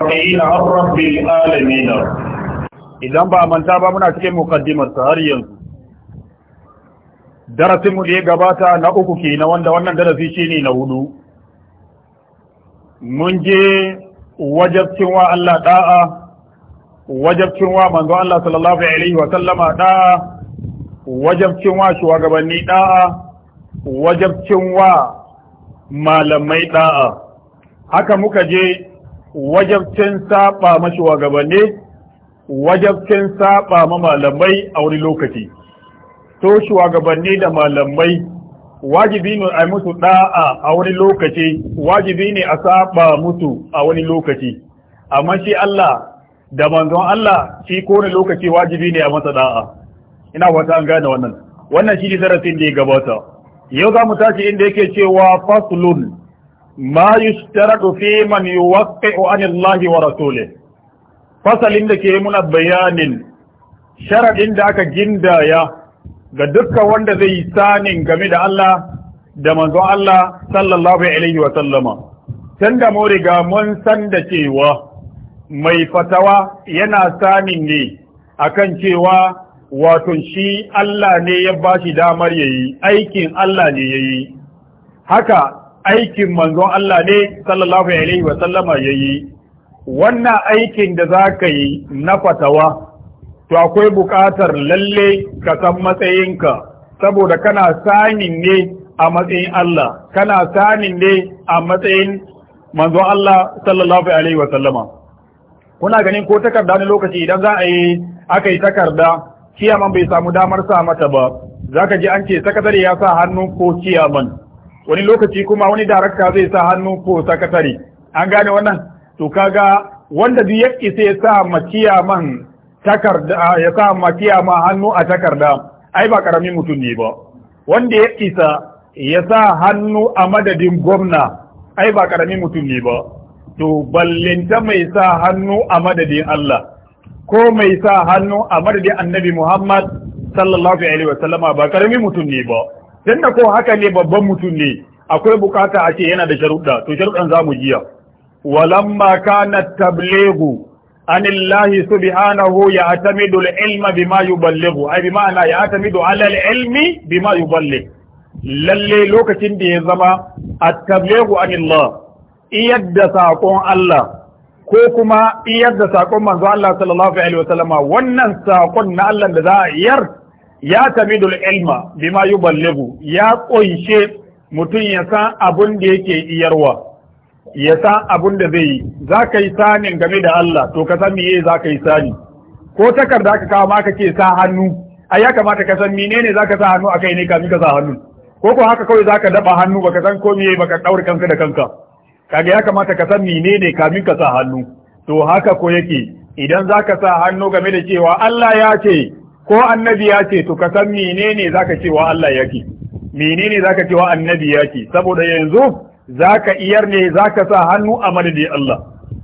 idan رب العالمين ba manta ba muna cikin mukaddimar ta har yanzu darasin mu da ya gabata na uku ke na wanda wannan darasi shi ne na hudu mun je wajabcin wa Allah da'a wajabcin wa manzo Allah sallallahu alaihi wa sallama da'a wajabcin wa shugabanni da'a wajabcin wa malamai da'a haka muka je wajabcin saba mashi gabanni wajabcin saba ma malamai a wani lokaci to shugabanni da malamai wajibi ne a musu da'a a wani lokaci wajibi ne a saba musu a wani lokaci amma shi Allah da manzon Allah shi ko Wani lokaci wajibi ne a masa da'a ina wata an gane wannan wannan shi ne zarafin da ya gabata yau za mu tashi inda yake cewa faslun ma yushtaradu fi man yuwaqqi'u an fasalin da ke muna bayanin sharaɗin da aka gindaya ga dukkan wanda zai yi sanin game da Allah da manzo Allah sallallahu alaihi wa sallama san da mu riga mun san da cewa mai fatawa yana sanin ne akan cewa wato shi Allah ne ya bashi damar yayi aikin Allah ne yayi haka aikin manzon Allah ne sallallahu alaihi wa sallama yayi wannan aikin da za ka yi na fatawa to akwai buƙatar lalle ka san matsayinka saboda kana sanin ne a matsayin Allah kana sanin ne a matsayin manzon Allah sallallahu alaihi wa sallama kuna ganin ko takarda ne lokaci idan za a yi aka yi takarda kiyaman bai samu damar sa mata ba zaka ji an ce sakatare ya sa hannu ko kiyaman wani lokaci kuma wani darakta zai sa hannu ko sakatare an gane wannan to kaga wanda duk ya isa ya sa makiya man takarda ya sa makiya ma hannu a takarda ai ba karamin mutum ne ba wanda ya isa ya sa hannu a madadin gwamna ai ba karamin mutum ne ba to ballinta mai sa hannu a madadin Allah ko mai sa hannu a madadin annabi Muhammad sallallahu alaihi wasallama ba karamin mutum ne ba dan da ko haka ne babban mutum ne akwai bukata a ce yana da sharuɗa to sharuɗan za mu jiya walamma kana tablighu عن الله سبحانه يعتمد العلم بما يبلغ أي بمعنى يعتمد على ilmi بما يبلغ lalle lokacin da ya zama at-tablighu anillah iyad da saƙon Allah ko kuma iyad da saƙon manzo Allah sallallahu alaihi wasallama wannan sakon na Allah da za a yar. ya tamidul ilma bima yuballighu ya ƙunshe mutum ya san abun da yake iyarwa ya san abun da zai yi za ka yi sanin game da Allah to ka san meye za ka yi sani ko takarda ka kawo ma ka ce sa hannu ai ya kamata ka san menene za ka sa hannu akai ne kamin ka sa hannu ko ko haka kawai za ka daba hannu baka san ko meye baka daure kanka da kanka kaga ya kamata ka san menene kamin ka sa hannu to haka ko yake idan za ka sa hannu game da cewa Allah ya ce ko annabi ya ce to ka san menene zaka ce wa Allah yake menene zaka ce wa annabi yake saboda yanzu zaka iyar ne zaka sa hannu a madadi Allah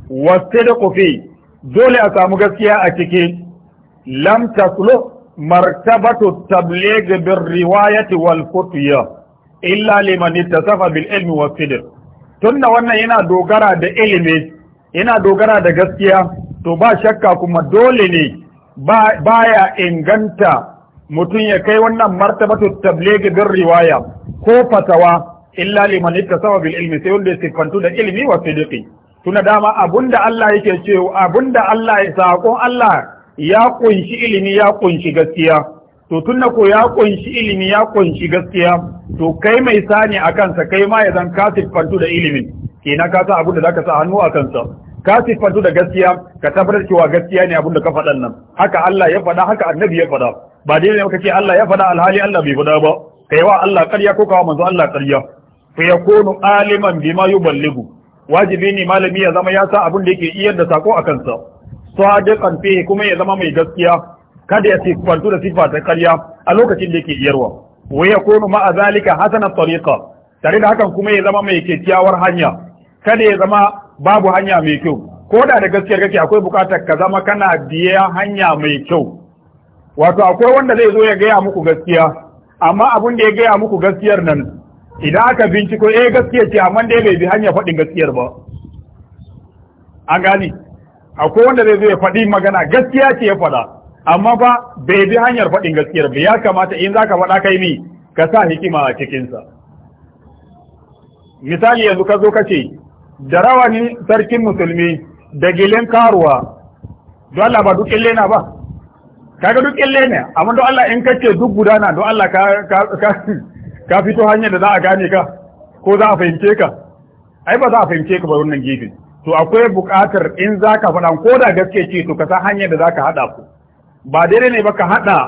wasidqu fi dole a samu gaskiya a cike lam taslu martabatu tabligh bir riwayati wal futya illa liman ittasafa bil ilmi was sidr tunda wannan yana dogara da ilimi yana dogara da gaskiya to ba shakka kuma dole ne baya inganta mutum ya kai wannan martabatu tabligh bin riwaya ko fatawa illa liman ittasaba bil ilmi sai wanda sifantu da ilmi wa sidiqi tuna dama abunda Allah yake cewa abunda Allah ya sakon Allah ya kunshi ilimi ya kunshi gaskiya to tunna ko ya kunshi ilimi ya kunshi gaskiya to kai mai sani akan kansa kai ma ya zan ka siffantu da ilimin kenan ka sa abunda da zaka sa hannu a kansa ka fantu da gaskiya ka tabbatar cewa gaskiya ne abin da ka faɗan nan haka Allah ya faɗa haka annabi ya faɗa ba dai ne ce Allah ya faɗa alhali Allah bai faɗa ba kai wa Allah ƙarya ko kawo manzo Allah ƙarya fa yakunu aliman bima yuballigu wajibi ne malami ya zama ya sa abin da yake iyar da sako a kansa sadiqan fihi kuma ya zama mai gaskiya kada ya fantu da siffa ta ƙarya a lokacin da yake iyarwa wa yakunu ma'a zalika hasanat tariqa tare da hakan kuma ya zama mai kyakkyawar hanya kada ya zama babu hanya mai kyau ko da da gaskiyar kake akwai bukatar ka zama kana biya hanya mai kyau wato akwai wanda zai zo ya gaya muku gaskiya amma abin da ya gaya muku gaskiyar nan idan aka binciko eh gaskiya ce amma dai bai bi hanya faɗin gaskiyar ba an gani. akwai wanda zai zo ya faɗi magana gaskiya ce ya faɗa amma ba bai bi hanyar faɗin gaskiyar ba ya kamata in zaka faɗa kai mi ka sa hikima a cikinsa misali yanzu ka zo ka ce da rawani sarkin musulmi da gilin karuwa don Allah ba duk ƙille na ba kaga duk ƙille ne amma don Allah in kace duk gudana don Allah ka fito hanyar da za a gane ka ko za a fahimce ka ai ba za a fahimce ka ba wannan gefe to akwai buƙatar in za ka faɗa ko da gaske ce to ka san hanyar da za ka haɗa ku ba daidai ne ba ka haɗa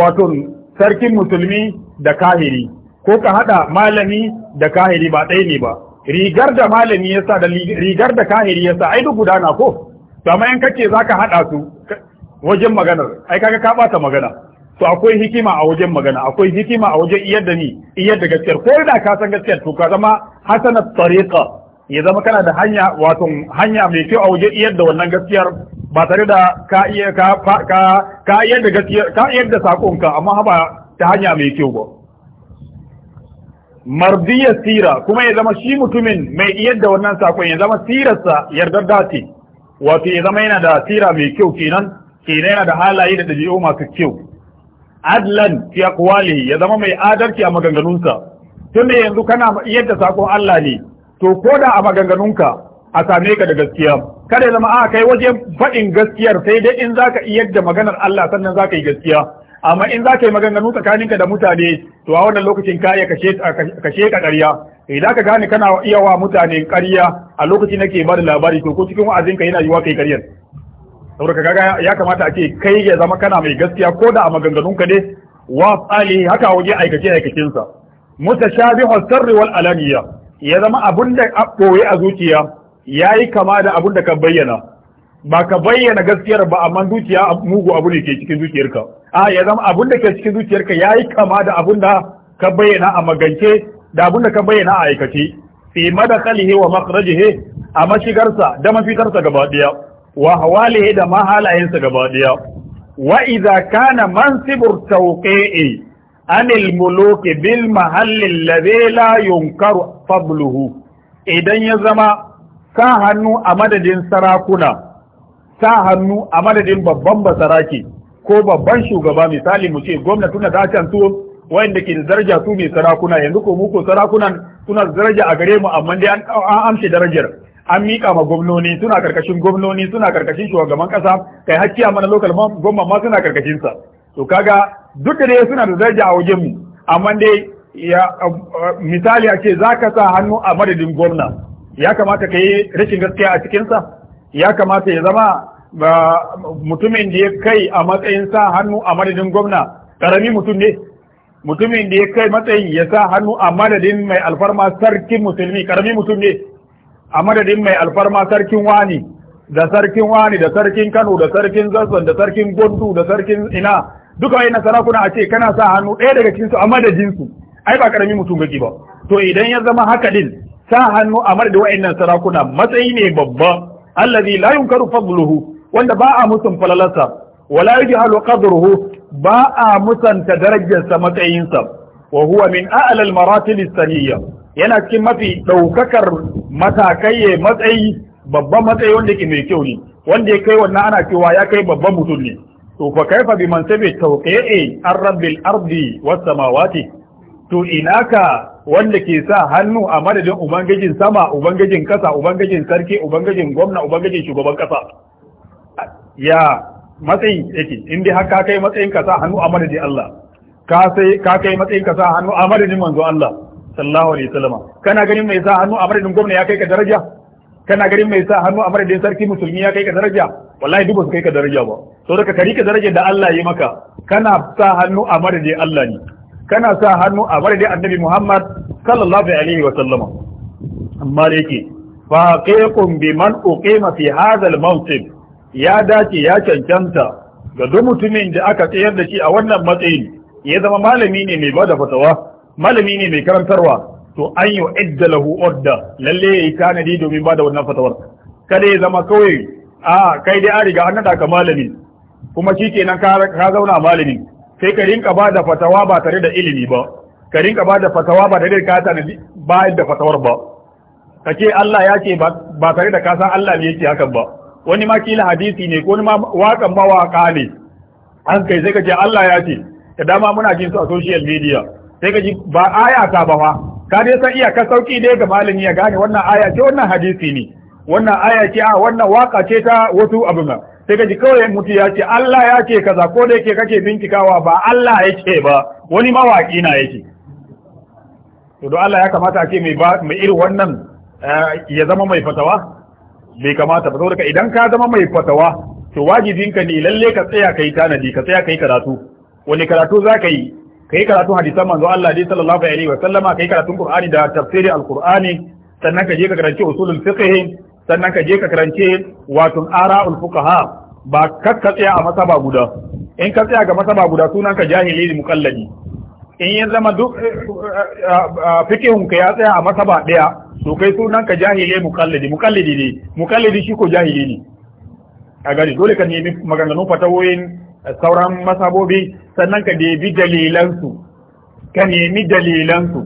wato sarkin musulmi da kahiri ko ka haɗa malami da kahiri ba ɗaya ne ba rigar da malami yasa da rigar da kahiri yasa ai duk gudana ko to amma in kace zaka hada su wajen maganar ai kaga ka bata magana to akwai hikima a wajen magana akwai hikima a wajen iyar da ni iyar da gaskiyar ko da ka san gaskiyar to ka zama hasanat tariqa ya zama kana da hanya wato hanya mai kyau a wajen iyar da wannan gaskiyar ba tare da ka iya ka ka ka iyar da gaskiyar ka iyar da sakonka amma ba ta hanya mai kyau ba mardiyar sira kuma ya zama shi mutumin mai iyar da wannan sakon ya zama sirarsa yardar dace wato ya zama yana da sira mai kyau kenan kenan yana da halaye da dabi'u masu kyau adlan fi ya zama mai adalci a maganganunsa tun tunda yanzu kana iyar da sakon Allah ne to ko da a maganganunka a same ka da gaskiya kada ya zama a kai wajen faɗin gaskiyar sai dai in zaka iyar da maganar Allah sannan zaka yi gaskiya amma in za ka yi maganganu tsakaninka da mutane to a wannan lokacin ka iya kashe ka ƙarya idan ka gane kana iya wa mutane ƙarya a lokaci nake ke bada labari ko cikin wa'azinka yana yiwa kai ƙaryar saboda kaga ya kamata a ce kai ya zama kana mai gaskiya ko da a maganganun ka ne wa tsali haka waje aikace aikacinsa mutashabihu sarri wal alaniya ya zama abun da a a zuciya yayi kama da abun da ka bayyana ba ka bayyana gaskiyar ba amma dukiya mugu abu ne ke cikin zuciyarka a ya zama abun da ke cikin zuciyarka ya yi kama da abun da ka bayyana a magance da abun da ka bayyana a aikace fi madakhalihi wa makhrajihi a mashigarsa da mafitarsa gaba daya wa hawalihi da mahalayensa gaba daya wa iza kana mansibur tawqi'i anil muluki bil mahallin alladhi la yunkaru fadluhu idan ya zama sa hannu a madadin sarakuna sa hannu a madadin babban basaraki ko babban shugaba misali mu ce gwamna tuna da can wayan wayanda ke da daraja su mai sarakuna yanzu ko muku sarakunan suna da daraja a gare mu amma dai an amshe darajar an miƙa ma gwamnoni suna karkashin gwamnoni suna karkashin shugaban ƙasa kai hakki a mana lokal gwamna ma suna karkashin sa to kaga duk da dai suna da daraja a wajen mu amma dai ya misali a ce za ka sa hannu a madadin gwamna ya kamata ka yi rashin gaskiya a cikinsa ya kamata ya zama ba mutumin da ya kai a matsayin sa hannu a madadin gwamna karami mutum ne mutumin da ya kai matsayin ya sa hannu a madadin mai alfarma sarkin musulmi karami mutum ne a madadin mai alfarma sarkin wani da sarkin wani da sarkin kano da sarkin zazzan da sarkin gondu da sarkin ina duka wayannan sarakuna a ce kana sa hannu ɗaya daga cikinsu a madadinsu ai ba karami mutum kake ba to idan ya zama haka din sa hannu a madadin wayannan sarakuna matsayi ne babba allazi la yunkaru fadluhu wanda ba a musun falalarsa wala yajhalu qadruhu ba a musanta darajarsa matsayinsa wa huwa min a'la al-maratil saniyya yana cikin mafi daukakar matakai matsayi babban matsayi wanda ke mai kyau ne wanda ya kai wannan ana cewa ya kai babban mutum ne to fa kaifa bi man sabi tawqi'i ar-rabbil ardi was samawati to inaka wanda ke sa hannu a madadin ubangijin sama ubangijin kasa ubangijin sarki ubangijin gwamna ubangijin shugaban kasa ya matsayin yake in dai haka kai matsayin ka sa hannu a madadin Allah ka sai ka kai matsayin ka sa hannu a madadin manzo Allah sallallahu alaihi wasallam kana ganin mai sa hannu a madadin gwamna ya kai ka daraja kana ganin mai sa hannu a madadin sarki musulmi ya kai ka daraja wallahi duk ba su kai ka daraja ba to daga kari ka daraja da Allah yi maka kana sa hannu a madadin Allah ne kana sa hannu a madadin annabi Muhammad sallallahu alaihi wasallam amma da yake faqiqun biman uqima fi hadha al-mawqif ya dace ya cancanta ga duk mutumin da aka tsayar da shi a wannan matsayin ya zama malami ne mai bada fatawa malami ne mai karantarwa to an yi idda lahu orda lalle ya yi tanadi domin bada wannan fatawar kada ya zama kawai a kai dai an riga an nada ka malami kuma shi ka ka zauna malami sai ka rinka bada fatawa ba tare da ilimi ba ka rinka bada fatawa ba tare da ka tanadi ba da fatawar ba Ka ce Allah ya ce ba tare da ka san Allah ne yake hakan ba wani ma kila hadisi ne ko wani ma waƙan mawaƙa ne an kai sai ka ce Allah ya ce da dama muna jin su a social media sai ka ji ba aya ta ba fa ka dai san iya ka sauki dai ga malami ya gane wannan aya ce wannan hadisi ne wannan aya ce a wannan waka ce ta wasu abin ne sai ka ji kawai mutu ya ce Allah ya ce kaza ko da yake kake bincikawa ba Allah ya ce ba wani mawaki na yake to don Allah ya kamata a ce mai irin wannan eh, ya zama mai fatawa bai kamata ba saboda idan ka zama mai fatawa to wajibinka ne lalle ka tsaya kai tanadi ka tsaya kai karatu wani karatu za ka yi kai karatu hadisan manzo Allah dai sallallahu alaihi wa sallama kai karatun Qur'ani da tafsiri al-Qur'ani sannan ka je ka karanci usulul fiqh sannan ka je ka karanci watun ara'ul fuqaha ba kakka tsaya a masaba guda in ka tsaya ga masaba guda sunan ka jahili ne mukalladi in ya zama duk eh, eh, eh, ka ya tsaya a masaba ɗaya to kai sunan ka jahile mukallidi mukallidi ne mukallidi shi ko jahili ne a gani dole ka nemi maganganun fatawoyin sauran masabobi sannan ka nemi dalilansu ka nemi dalilansu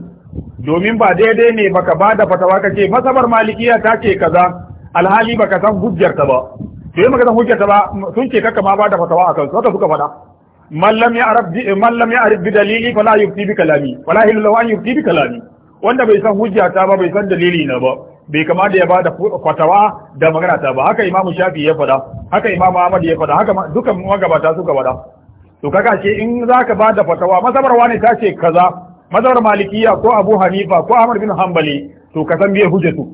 domin ba daidai ne baka ba da fatawa ka ce masabar malikiya ta ce kaza alhali baka san hujjarta ba to yi maka san hujjarta ba sun ce kaka ma ba da fatawa a kansu wata suka faɗa man lam ya'rif bi man lam ya'rif bi dalili fala yufti bi kalami wala hilu lahu an yufti bi kalami wanda bai san hujjata ba bai san dalili na ba bai kama da ya bada fatawa da magana ta ba haka imamu shafi ya fada haka imamu ahmad ya fada haka dukan magabata suka fada to kaga ce in zaka bada fatawa masabarwa ne ta ce kaza mazhabar malikiya ko abu hanifa ko ahmad bin hanbali to ka san biye hujjatu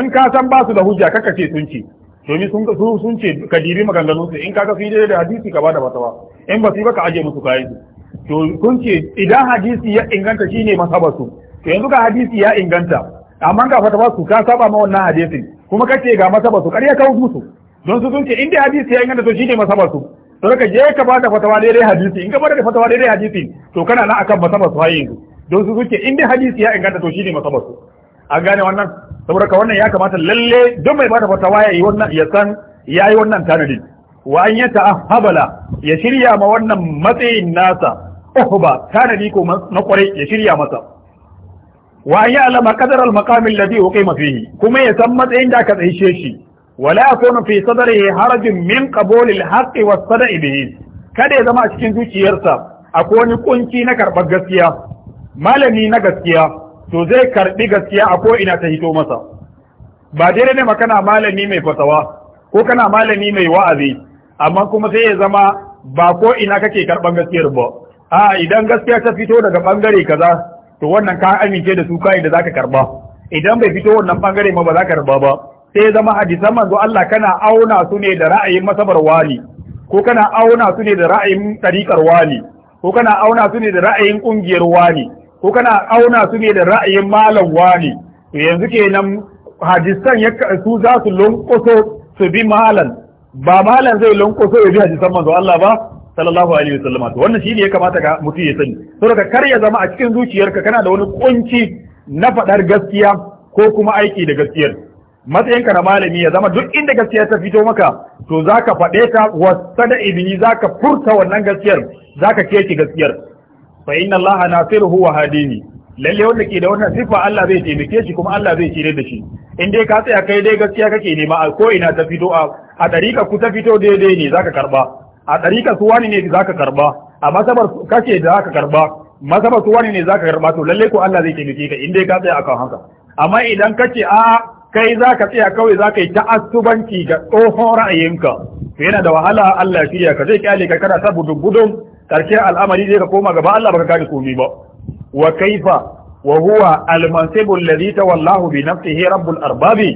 in ka san ba su da hujja kaka ce sun ce domin sun sun ce ka dibi maganganun su in kaga fi da hadisi ka bada fatawa in ba su ba ka aje musu kayan su to kun ce idan hadisi ya inganta shine masaba su to yanzu ka hadisi ya inganta amma ka fatawa su ka saba ma wannan hadisi kuma kace ga masaba su ya ka musu don su sun ce inda hadisi ya inganta to shine masaba su to ka je ka bada fatawa daidai hadisi in ka bada fatawa daidai hadisi to kana nan akan masaba su har don su sun ce inda hadisi ya inganta to shine masaba su an gane wannan saboda ka wannan ya kamata lalle don mai bada fatawa ya yi wannan ya san ya yi wannan tanadin wa an ya ta'ahabala ya shirya ma wannan matsayin nasa uhba tanadi ko na kwarai ya shirya masa wa an ya alama kadar almakamin maqam wa kai kuma ya san matsayin da aka tsaishe shi wala yakunu fi sadrihi harajin min qabul haƙƙi haqqi was sada'i kada ya zama a cikin zuciyarsa akwai wani kunci na karɓar gaskiya malami na gaskiya to zai karbi gaskiya a koina ta hito masa ba dai ne ma kana malami mai fatawa ko kana malami mai wa'azi amma kuma sai ya zama ba koina kake karban gaskiyar ba a idan gaskiya ta fito daga bangare kaza to wannan ka amince da su kai da zaka karba idan bai fito wannan bangare ma ba za ka karba ba sai ya zama hadisan manzo Allah kana auna su ne da ra'ayin masabar wali ko kana auna su ne da ra'ayin tariƙar wali ko kana auna su ne da ra'ayin ƙungiyar wani ko kana auna su ne da ra'ayin malam wani to yanzu kenan hadisan su za su lunkuso su bi malam ba malam zai lunkuso ya bi hadisan manzo Allah ba sallallahu alaihi wasallam to wannan shine ya kamata ka mutu ya sani daga kar ya zama a cikin zuciyarka kana da wani kunci na faɗar gaskiya ko kuma aiki da gaskiyar matsayinka na malami ya zama duk inda gaskiya ta fito maka to zaka faɗe ta wasta da ibini zaka furta wannan gaskiyar zaka keke gaskiyar fa inna Allah nasiruhu wa hadini lalle wanda ke da wannan sifa Allah zai taimake shi kuma Allah zai cire da shi in dai ka tsaya kai dai gaskiya kake nema a ko ina ta fito a a dariƙa ku ta fito daidai ne zaka karba a dariƙa su wani ne zaka karba a masabar kake da zaka karba masabar su wani ne zaka karba to lalle ko Allah zai taimake ka in dai ka tsaya akan haka amma idan kace a kai zaka tsaya kawai zaka yi ta'assubanci ga tsohon ra'ayinka yana da wahala Allah ya shirya ka zai kyale ka kana ta budugudun karshen al'amari zai ka koma gaba Allah baka kare komai ba wa kaifa wa huwa al-mansibu alladhi tawallahu bi nafsihi rabbul arbabi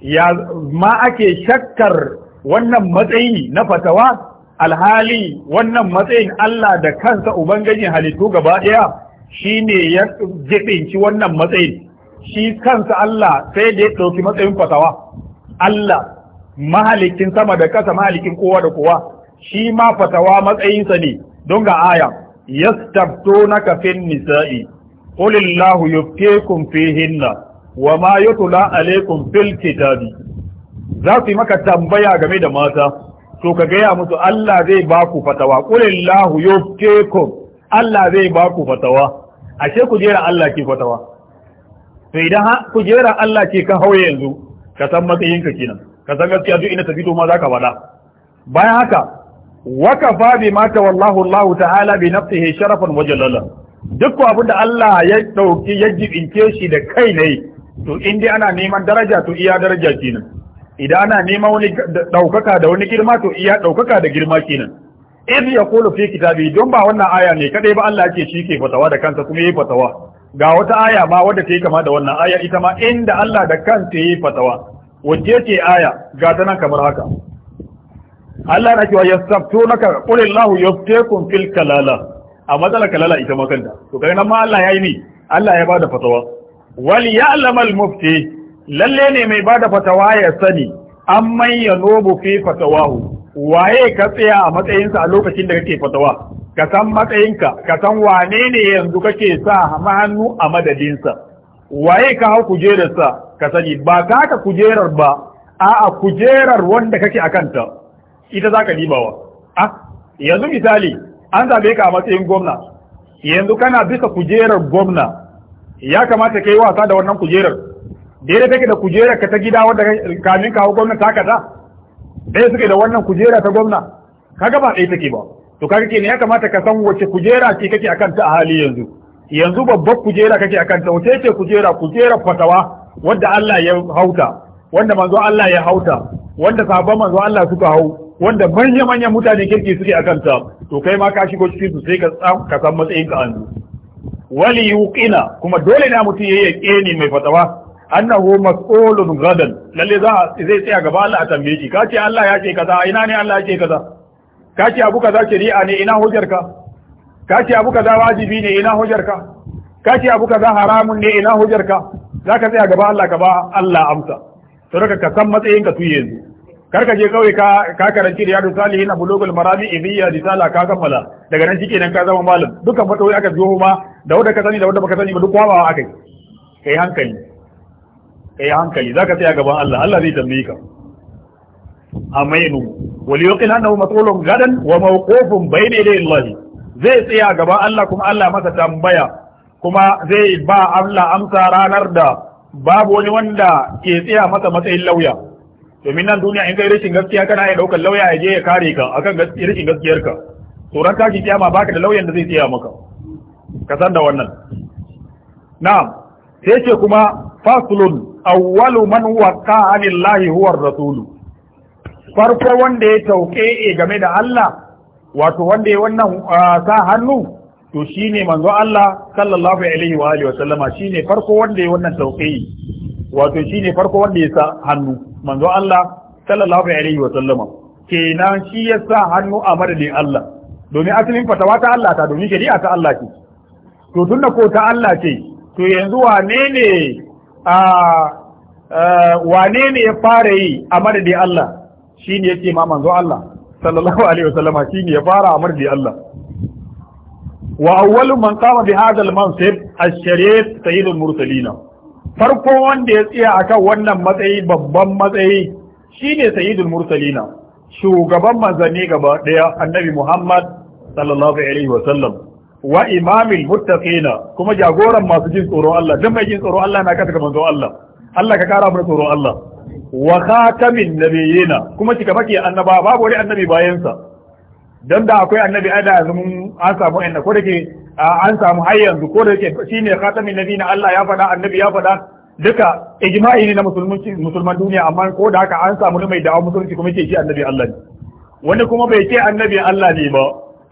ya ma ake shakkar wannan matsayi na fatawa alhali wannan matsayin Allah da kansa ubangijin halittu gaba daya shine ya jibinci wannan matsayin shi kansa Allah sai da ya dauki matsayin fatawa Allah mahalikin sama da kasa mahalikin kowa da kowa shi ma fatawa matsayinsa ne don ga aya na kafin nisa'i qul illahu yuftikum fihinna wa ma yutla alaykum fil kitabi za su yi maka tambaya game da mata to ka gaya musu Allah zai ba ku fatawa qul illahu Kun Allah zai ba ku fatawa ashe ku jera Allah ke fatawa to idan ku jera Allah ke ka hauye yanzu ka san matsayinka kenan ka san gaskiya duk inda tafi fito ma zaka bada bayan haka wakafa bi ma Wallahu, Allahu ta'ala bi nafsihi sharafan wa jalala duk abin da Allah ya dauki ya jibince shi da kai ne to in dai ana neman daraja to iya daraja kenan idan ana neman wani daukaka da wani girma to iya daukaka da girma kenan ya kula fi kitabi don ba wannan aya ne kadai ba Allah yake shi ke fatawa da kansa kuma yayi fatawa ga wata aya ma wadda ta kama da wannan aya ita ma inda Allah da kansa yayi fatawa wace ce aya ga ta nan kamar haka Allah na cewa yastaftunaka qul Allahu yuftikum fil kalala a matsala kalala ita ma kanta to kai nan ma Allah yayi ni Allah ya bada fatawa wal ya'lamal mufti lalle ne mai bada fatawa ya sani ya nobu fi fatawahu waye ka tsaya a matsayinsa a lokacin da kake fatawa ka san matsayinka ka san wane ne yanzu kake sa hannu a madadinsa waye ka hau kujerarsa ka sani ba taka kujerar ba a'a kujerar wanda kake a kanta ita za zaka dibawa A yanzu misali an zabe ka a matsayin gwamna yanzu kana bisa kujerar gwamna ya kamata ka yi wasa da wannan kujerar daidai take da kujerar ka ta gida wanda kamin kawo gwamna ta kaza ɗaya suke da wannan kujera ta gwamna kaga ba ɗaya take ba to kaga ne ya kamata ka san wace kujera ce kake a kanta a hali yanzu yanzu babbar kujera kake a kanta wace ce kujera kujera fatawa wanda Allah ya hauta wanda manzo Allah ya hauta wanda sahabban manzo Allah suka hau wanda manya manyan mutane kirki suke akan ta to kai ma ka shigo cikin su sai ka ka san matsayin ka anzu wali yuqina kuma dole na mutum yayi yaqini mai fatawa annahu mas'ulun gadan lalle za zai tsaya gaba Allah a tambaye shi ka ce Allah ya ce kaza ina ne Allah ya ce kaza ka ce abu kaza shari'a ne ina hujjar ka ce abu kaza wajibi ne ina hujjar ka ce abu kaza haramun ne ina hujjar ka za ka tsaya gaba Allah ka ba Allah amsa to daga ka san matsayin ka tuye yanzu kar ka je kawai ka ka karanci riyadu salihin abu logul marami ibiya risala ka kammala daga nan nan ka zama malam dukkan matsayi aka zo ma da wanda ka sani da wanda baka sani ba duk kwabawa aka yi kai hankali kai hankali za ka tsaya gaban Allah Allah zai tambaye ka amainu wal yuqin annahu mas'ulun gadan wa mawqufun bayna yaday Allah zai tsaya gaban Allah kuma Allah masa tambaya kuma zai ba Allah amsa ranar da babu wani wanda ke tsaya masa matsayin lauya domin nan duniya in kai rashin gaskiya kana yi daukar lauya ya je ya kare ka akan rashin gaskiyar ka to ran tashi kiyama baka da lauyan da zai tsaya maka ka san da wannan na'am sai ce kuma faslun awwalu man waqa anillahi huwa rasulu farko wanda ya tauke e game da Allah wato wanda ya wannan ah, sa hannu to shi ne, manzo Allah sallallahu alaihi wa alihi wa sallama ne farko wanda ya wannan tauqi wato shi ne farko wanda ya sa hannu manzo Allah sallallahu alaihi wa sallama kenan shi ya sa hannu a madadin Allah domin asalin fatawa ta Allah ta domin shari'a ta Allah ce to tunda ko ta Allah ce to yanzu wane ne a wane ne ya fara yi a madadin Allah Shi ya yake ma manzo Allah sallallahu alaihi wa sallama ne ya fara a madadin Allah wa awwalu man qama bi hadha al-mansib farko wanda ya tsaya akan wannan matsayi babban matsayi shine sayyidul mursalin shugaban manzanni gaba daya annabi Muhammad sallallahu alaihi wa sallam wa imamul muttaqin kuma jagoran masu jin tsoron Allah dan mai jin tsoron Allah na kasa manzo Allah Allah ka kara mana tsoron Allah wa khatamin nabiyina kuma cika baki annaba babu wani annabi bayansa don da akwai annabi ada yanzu mun an samu inda ko dake an samu har yanzu ko dake shine khatamin nabiyina Allah ya faɗa annabi ya faɗa duka ijma'i ne na musulmanci musulman duniya amma ko da haka an samu mai da'awa musulunci kuma ce shi annabi Allah ne wani kuma bai ce annabi Allah ne ba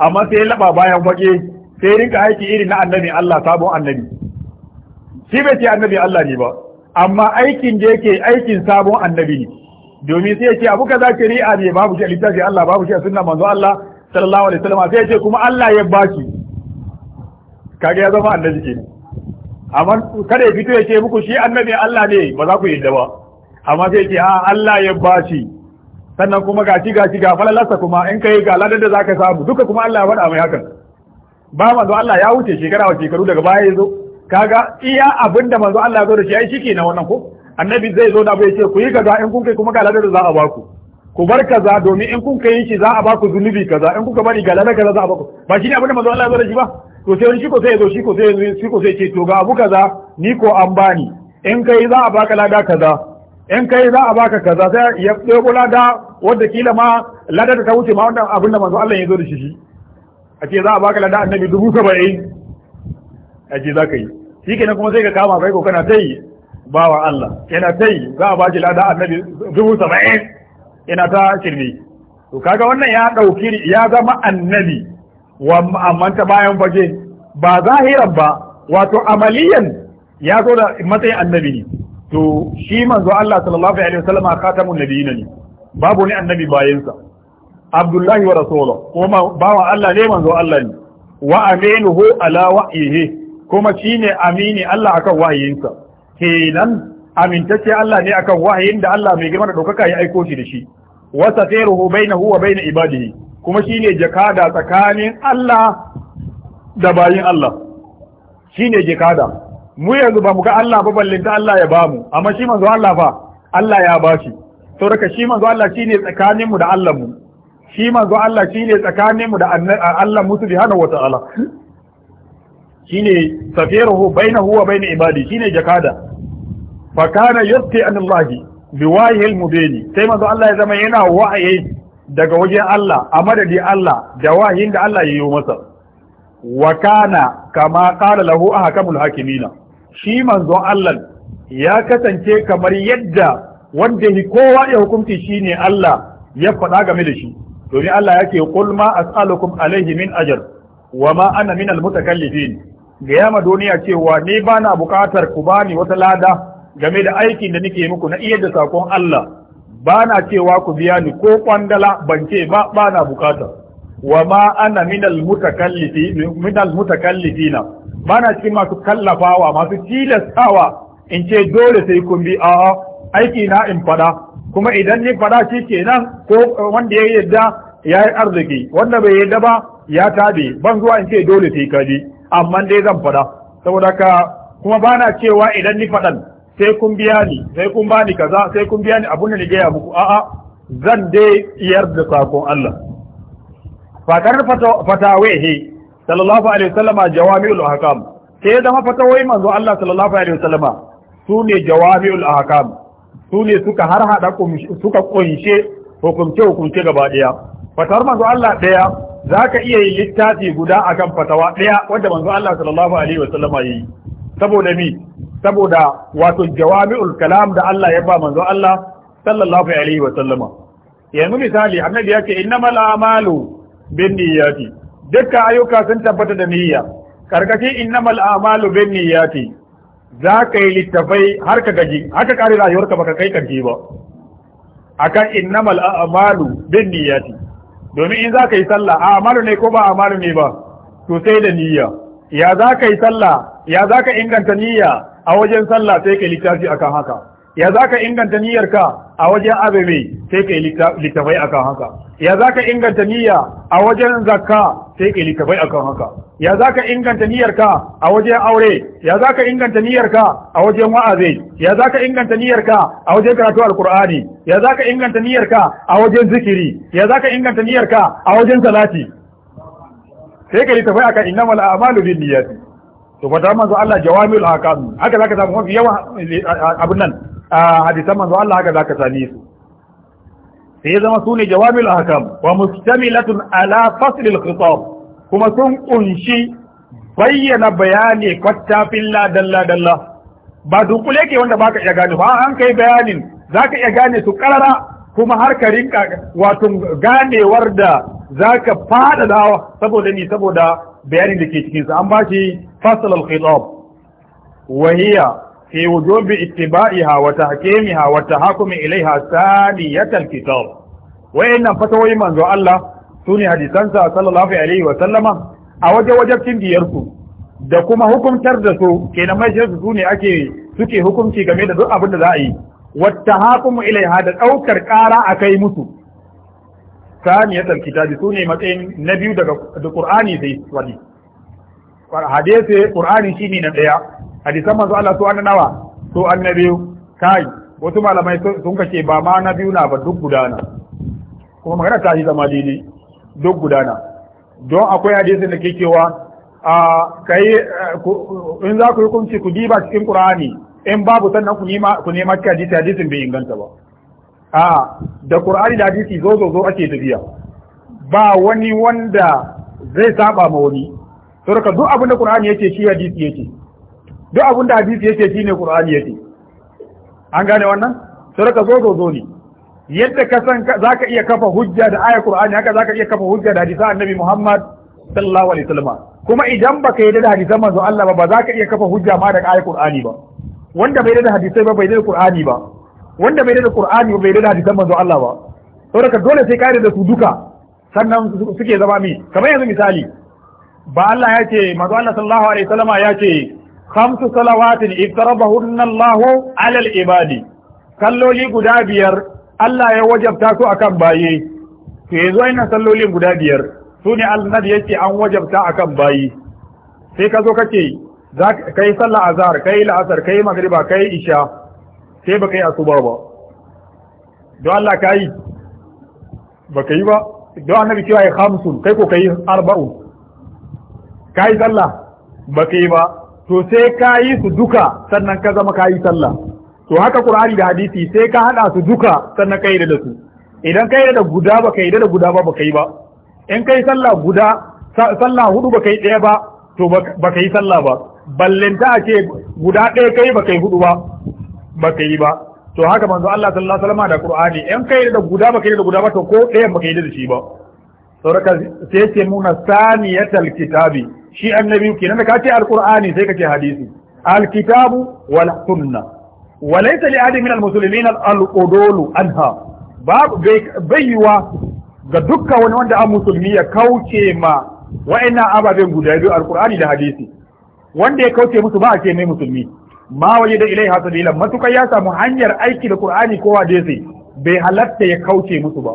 amma sai laba bayan waje sai rinka aiki irin na annabi Allah sabon annabi shi bai ce annabi Allah ne ba amma aikin da yake aikin sabon annabi ne domin sai ya ce abu kaza ri'a ne babu shi a littafi Allah babu shi a sunna manzo Allah sallallahu alaihi wasallam sai ce kuma Allah ya baki kage ya zama annabi ke amma kada ya fito ya ce muku shi annabi Allah ne ba za ku da ba amma sai ce a ah, Allah ya bashi sannan kuma ga ci ga falalasa kuma in kai ga ladan da zaka samu duka kuma Allah ya faɗa mai hakan ba manzo Allah ya wuce shekara wa shekaru daga baya yazo kaga iya abinda manzo Allah ya zo da shi ai shike na wannan ko annabi zai zo da bai ya ce ku yi kaza in kun kai kuma ga ladan da za a baku ku bar kaza domin in kun kai shi za a baku zunubi kaza in kuka bari galala kaza za a baku ba shi ne abin da manzo Allah ya zo da shi ba to sai wani shi ko sai ya zo shi ko sai shi ko sai ce to ga abu kaza ni ko an bani in kai za a baka lada kaza in kai za a baka kaza sai ya ɗebo lada wadda kila ma lada ta wuce ma wannan abin da manzo Allah ya zo da shi shi a ce za a baka lada annabi dubu saba'in a ce za ka yi shi kenan kuma sai ka kama kai ko kana ta yi ba wa Allah yana ta yi za a baki lada annabi dubu saba'in ina ta shirme to kaga wannan ya dauki ya zama annabi wa amma ta bayan fage ba zahiran ba wato amaliyan ya zo da matsayin annabi ne to shi manzo Allah sallallahu alaihi wasallam khatamun nabiyina ne babu ni annabi bayansa Abdullahi wa rasuluhu kuma bawa Allah ne manzo Allah ne wa aminuhu ala wa'yihi kuma shine amini Allah akan wahayinsa kenan amintacce Allah ne akan wahayin da Allah mai girma da ɗaukaka ya aiko shi da shi wa safiruhu bainahu wa bain ibadihi kuma shine jakada tsakanin Allah da bayin Allah shine jakada mu yanzu ba mu ga Allah ba ballinta Allah ya bamu amma shi manzo Allah fa Allah ya bashi raka shi manzo Allah shine tsakanin mu da Allah mu shi manzo Allah shine tsakanin mu da Allah mu su subhanahu wata'ala shine safiruhu bainahu wa bain ibadi shine jakada fa kana yasti an biwayil mubini sai manzo Allah ya zama yana wa'ayi daga wajen Allah a madadi Allah da wahayin da Allah ya yi masa wa kana kama qala lahu ahkamul hakimina shi manzo Allah ya kasance kamar yadda wanda ni kowa ya hukunci shine Allah ya faɗa game da shi domin Allah yake qul ma as'alukum alaihi min ajr wa ma ana min almutakallifin ga yama duniya cewa ni bana bukatar ku bani wata lada game da aikin da nake muku na iya da sakon Allah ba na cewa ku biya ni ko kwandala ban ce ba ba na bukata wa ma ana minal mutakallifi minal mutakallifina ba na cikin masu kallafawa masu tilastawa in ce dole sai kun bi a aiki na in fada kuma idan ni fada shi kenan ko wanda ya yarda ya yi arziki wanda bai yarda ba ya tabe ban zuwa in ce dole sai ka bi amma dai zan fada saboda ka kuma ba na cewa idan ni fadan sai kun biya ni sai kun bani kaza sai kun biya ni abun da ni gaya muku a'a zan dai iyar da sakon Allah fakar he? sallallahu alaihi wasallama jawami'ul ahkam sai zama fatawai manzo Allah sallallahu alaihi wasallama sune jawami'ul ahkam sune suka har hada suka kunshe hukunce hukunce gaba daya fatawar manzo Allah daya zaka iya yi littafi guda akan fatawa daya wanda manzo Allah sallallahu alaihi wasallama yi saboda mi saboda wato jawami'ul kalam da Allah ya ba manzo Allah sallallahu alaihi wa sallama yanzu misali annabi yake innamal a'malu niyyati dukkan ayyuka sun tabbata da niyya karkashin innamal a'malu niyyati za ka yi littafai har ka gaji haka kare rayuwarka baka kai kanti ba akan innamal a'malu niyyati domin in za ka yi sallah a'malu ne ko ba a'malu ne ba to sai da niyya ya za ka yi sallah ya za ka inganta niyya a wajen sallah sai kai littafi akan haka ya za ka inganta niyyarka a wajen abebe sai ka yi littafai akan haka ya za ka inganta niyya a wajen zakka sai ka yi littafai akan haka ya za ka inganta niyyarka a wajen aure ya za ka inganta niyyarka a wajen wa'azi ya za ka inganta niyyarka a wajen karatu alkur'ani ya za ka inganta niyyarka a wajen zikiri ya za ka inganta niyyarka a wajen salati sai ka yi littafai akan innamal a'malu bin niyyati to fata manzo Allah jawami'ul ahkam haka zaka samu mafi yawa eh, abun nan ah, hadisan manzo Allah haka zaka sami su sai ya zama sune jawami'ul ahkam wa mustamilatun ala fasl al-khitab kuma sun kunshi bayyana bayani kwatta filla dalla dalla ba dukule ke wanda baka iya gane ba an kai bayanin zaka iya gane su karara kuma har ka rinka wato ganewar da zaka fada dawa saboda ni saboda bayanin da ke cikinsa an ba shi فصل الخطاب وهي في وجوب اتباعها وتحكيمها والتحكم إليها ثانية الكتاب وإن فتوى من ذو الله سوني حديثانسا صلى الله عليه وسلم أوجه وجبتين دياركم da kuma hukumtar da su kenan mai shirka su ne ake suke hukunci game da duk abin da za a yi wata hakumu ilaiha da ɗaukar ƙara a kai musu ya talkita su ne matsayin na biyu daga da ƙur'ani sai wani hadisi qur'ani shine na daya hadisan manzo Allah to an nawa to annabi kai wasu malamai sun kace ba ma na biyu na ba duk gudana kuma magana ta yi zama dini. duk gudana don akwai hadisin da ke cewa a kai in za ku hukunci ku diba cikin qur'ani in babu sannan ku nema ku nema ka hadisi hadisin bai inganta ba a da qur'ani da hadisi zo zo zo ake tafiya ba wani wanda zai saba ma wani to daga duk abin da Qur'ani yake shi hadisi yake duk abin da hadisi yake ne Qur'ani yake an gane wannan to daga zo zo zo ne yadda ka san zaka iya kafa hujja da ayar Qur'ani haka zaka iya kafa hujja da hadisi Annabi Muhammad sallallahu alaihi wasallam kuma idan baka yarda da hadisan manzo Allah ba ba zaka iya kafa hujja ma da ayar Qur'ani ba wanda bai da hadisai ba bai da Qur'ani ba wanda bai da Qur'ani ba bai da hadisan manzo Allah ba saboda dole sai ka da su duka sannan suke zama mi kamar yanzu misali ba Allah ya ce manzo Allah sallallahu alaihi wasallama ya ce khamsu salawatin iftarabahunna Allah ala al-ibadi kalloli guda biyar Allah ya wajabta su akan baye to yanzu ina sallolin guda biyar su ne annabi yake an wajabta akan bayi sai ka zo kace za ka yi sallah azhar kai la'asar kai magriba kai isha sai ba yi asuba ba don Allah ka yi ba ka yi ba don annabi cewa ya khamsun kai ko kai arba'un ka yi sallah ba ka yi ba to sai ka yi su duka sannan ka zama ka yi sallah to haka qur'ani da hadisi sai ka hada su duka sannan ka yi da su idan ka yi da guda ba ka yi da guda ba ba ka yi ba in ka yi sallah guda sallah hudu ba ka yi ɗaya ba to ba ka yi sallah ba ballanta a ce guda ɗaya kai ba ka yi hudu ba ba ka yi ba to haka manzo Allah sallallahu alaihi wasallam da Qur'ani in kai da guda ka yi da guda ba to ko ɗayan ka yi da shi ba sauraka sai ce muna saniyatal kitabi shi annabi kenan da ka ce alqur'ani sai ka ce hadisi alkitabu wal sunna wa laysa li ahadin min almuslimin alqudulu anha babu baiwa ga dukkan wani wanda an musulmi ya kauce ma wa'annan ababen guda biyu alqur'ani da hadisi wanda ya kauce musu ba a ce mai musulmi ma waje da ilai hasabila matukar ya samu hanyar aiki da qur'ani ko hadisi bai halatta ya kauce musu ba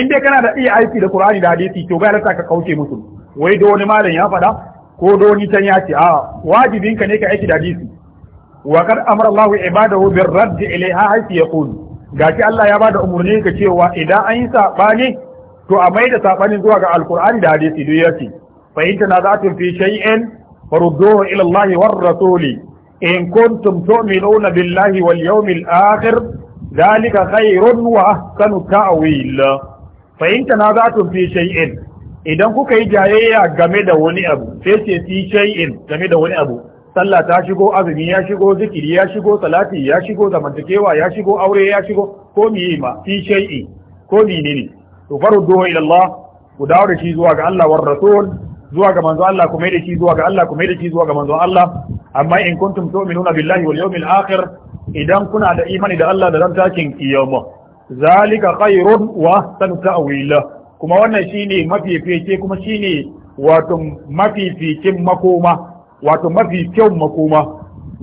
in dai kana da iya aiki da qur'ani da hadisi to ga halatta ka kauce musu wai da wani malam ya faɗa ko da wani can ya ce a wajibinka ne ka aiki da hadisi wa kad amara Allah ibadahu bir radd ilaiha haythu yaqul gashi Allah ya bada umurni ka cewa idan an yi sabani to a mai da sabanin zuwa ga alqur'ani da hadisi duk yace fa in tanaza'tum fi shay'in farudduhu ila Allah war rasuli in kuntum tu'minuna billahi wal yawmil akhir ذلك خير وأحسن تأويل فإن تنازعتم في شيء idan kuka yi jayayya game da wani abu sai ce fi shay'in game da wani abu sallah ta shigo azumi ya shigo zikiri ya shigo salati ya shigo zamantakewa ya shigo aure ya shigo ko miye ma fi shay'i ko menene to farudduhu ila Allah ku dawo da shi zuwa ga Allah war rasul zuwa ga manzo Allah kuma da shi zuwa ga Allah kuma da shi zuwa ga manzo Allah amma in kuntum tu'minuna billahi wal yawmil akhir idan kuna da imani da Allah da ran takin kiyama zalika khairun wa ahsanu ta'wila kuma wannan shine mafifice kuma shine wato mafificin makoma wato mafi kyau makoma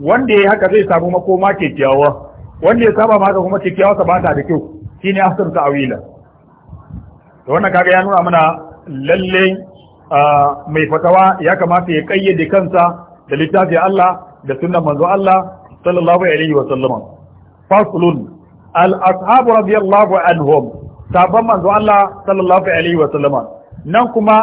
wanda ya haka zai samu makoma kyakkyawa wanda ya saba maka kuma kyakkyawa sa bata da kyau shine ta awila to wannan kaga ya nuna mana lalle mai fatawa ya kamata ya kayyade kansa da littafi Allah da sunnan manzo Allah sallallahu alaihi wa sallama faslun al ashabu radiyallahu anhum sabon manzo Allah sallallahu alaihi wa sallama nan kuma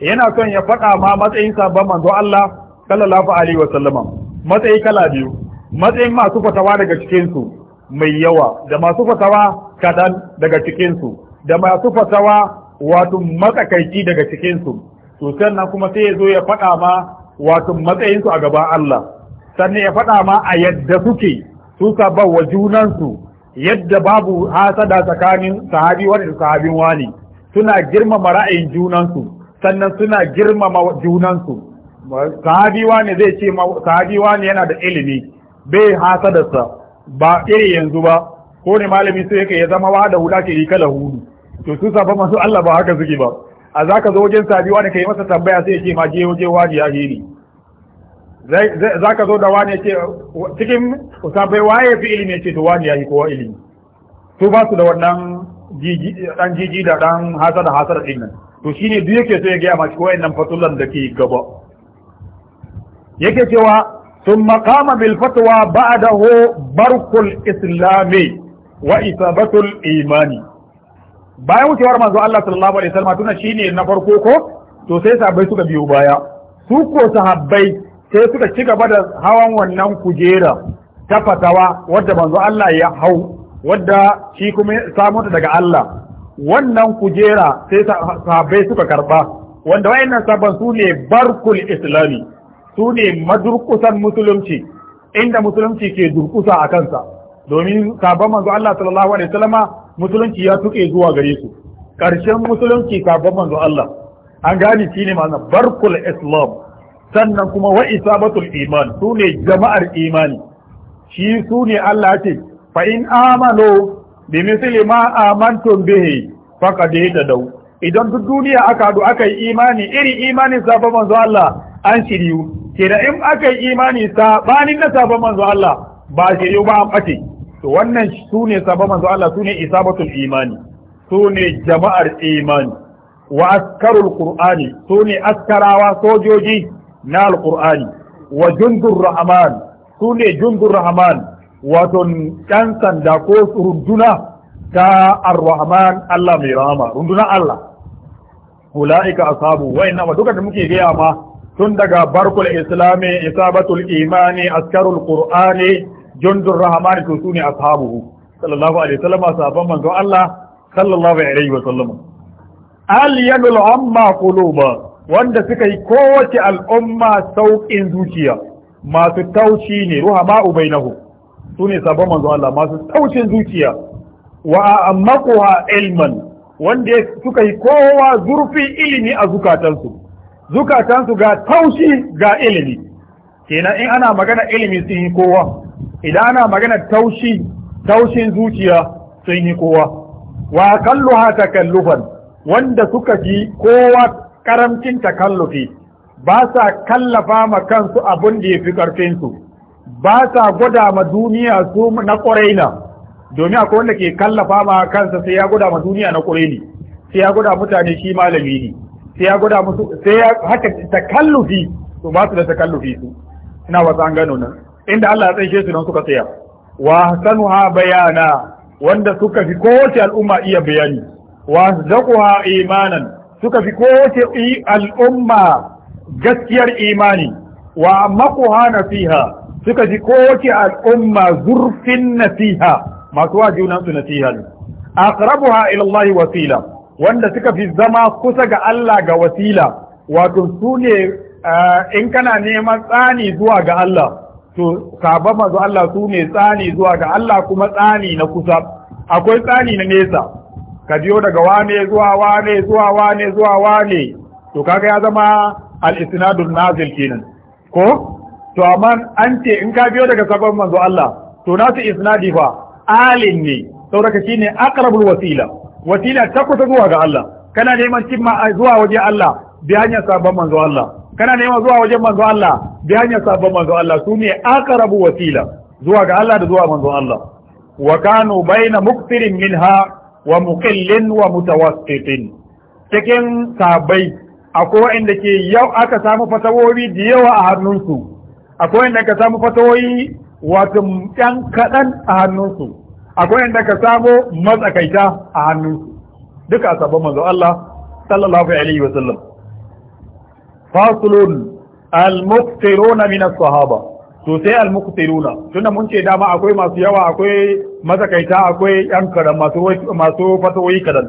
yana son ya faɗa ma matsayin sabon manzo Allah sallallahu alaihi wa sallama matsayi kala biyu matsayin masu fatawa daga cikin su mai yawa da masu fatawa kadan daga cikin su da masu fatawa wato matsakaici daga cikin su to sannan kuma sai ya zo ya faɗa ma wato matsayin su a gaban Allah sannan ya faɗa ma a yadda suke su sabawa junansu yadda babu hasada tsakanin sahabi wani da sahabin wani suna girmama ra'ayin junansu sannan suna girmama junansu sahabi wani zai ce sahabi wani yana da ilimi bai hasadarsa ba iri yanzu ba ko ne malami sai yake ya zama wa da hula ke yi kala hudu to su safa masu Allah ba haka suke ba a zaka zo wajen sahabi wani kai masa tambaya sai ya ce ma je waje wani ya hiri za ka zo da wani ce cikin wa waye fi ilimi ce to wani ya yi kowa ilimi su ba su da wannan dan jiji da dan hasa da hasar din nan to shine duk yake so ya gaya mashi kowa nan fatulan da ke gaba yake cewa sun makama bil fatwa ba'dahu barkul islami wa isabatul imani bayan wucewar manzo Allah sallallahu alaihi wasallam tuna shine na farko ko to sai sabai suka biyo baya su ko sahabbai sai suka ci gaba da hawan wannan kujera ta fatawa wadda manzo Allah ya hau wadda shi kuma ya samu ta daga Allah wannan kujera sai sahabbai suka karba wanda wayannan sabban su ne barkul islami su ne madurkusan musulunci inda musulunci ke durkusa a kansa domin sabban manzo Allah sallallahu alaihi wasallama musulunci ya tuke zuwa gare su karshen musulunci sabban manzo Allah an gane shine ma'ana barkul islam sannan kuma wa isabatul iman su jama'ar imani shi sune ne Allah ce fa in amalo bi misli ma amantum bihi faqad dau. idan duk duniya aka du aka yi imani iri imanin sabon manzo Allah an shiryu da in aka yi imani sabanin na sabon manzo Allah ba shiriyu ba an bace to wannan su ne sabon manzo Allah su ne isabatul imani su jama'ar imani wa askarul qur'ani su askarawa sojoji na alqur'ani wa jundur rahman ne jundur rahman wato ɗan sanda ko runduna ta ar Allah mai rahama runduna Allah ulaika asabu wa'inna wa duka da muke gaya ma tun daga barkul islami isabatul imani askarul qur'ani jundur rahmani to ne asabu. sallallahu alaihi wasallam sahabban manzo Allah sallallahu alaihi wasallam al yadul amma quluba wanda suka yi kowace al'umma sauƙin zuciya masu taushi ne ruha bainahu su ne sabon manzo Allah masu taushin zuciya wa kuwa ilman wanda suka yi kowa zurfi ilimi a zukatansu zukatansu ga taushi ga ilimi kenan in ana magana ilimi sun yi kowa idan ana magana taushi taushin zuciya sun yi kowa wa kalluha takallufan wanda suka ji kowa karamcin takallufi ba sa kallafa ma kansu abin da ya fi ƙarfinsu ba sa gwada ma duniya su na ƙoraina domin akwai wanda ke kallafa ma kansa sai ya gwada ma duniya na ƙoraini sai ya gwada mutane shi malami ne sai ya gwada musu sai ya haka takallufi to ba su da takallufi su ina wasa an gano nan inda Allah ya tsaye su nan suka tsaya wa sanuha bayana wanda suka fi kowace al'umma iya bayani wa zaquha imanan suka fi kowace al'umma gaskiyar imani wa makuha nasiha suka fi kowace al'umma zurfin nasiha masu wa nasiha ne aqrabuha ila Allah wasila wanda suka fi zama kusa ga Allah ga wasila wato su ne in kana neman tsani zuwa ga Allah to sabon manzo Allah su ne tsani zuwa ga Allah kuma tsani na kusa akwai tsani na nesa ka biyo daga wane zuwa wane zuwa wane zuwa wane to kaga ya zama al-isnadun nazil kenan ko to amma an ce in ka biyo daga sabon manzo Allah to na nasu isnadi fa alin ne saboda shine aqrabul wasila wasila ta kusa zuwa ga Allah kana neman cimma zuwa waje Allah bi hanyar sabon manzo Allah kana neman zuwa wajen manzo Allah bi hanyar sabon manzo Allah su ne aqrabu wasila zuwa ga Allah da zuwa manzo Allah wa kanu baina mukthirin minha wa muqillin wa mutawassitin cikin sabai akwai wanda ke yau aka samu fatawoyi da yawa a hannunsu akwai wanda ka samu fatawoyi wato ɗan kaɗan a hannunsu akwai wanda ka samu matsakaita a hannunsu duka a sabon manzo Allah sallallahu alaihi wa sallam fasulun al-muqtiruna min as-sahaba to sai al tunda mun ce dama akwai masu yawa akwai mazakaita akwai yan karan masu masu fatawoyi kadan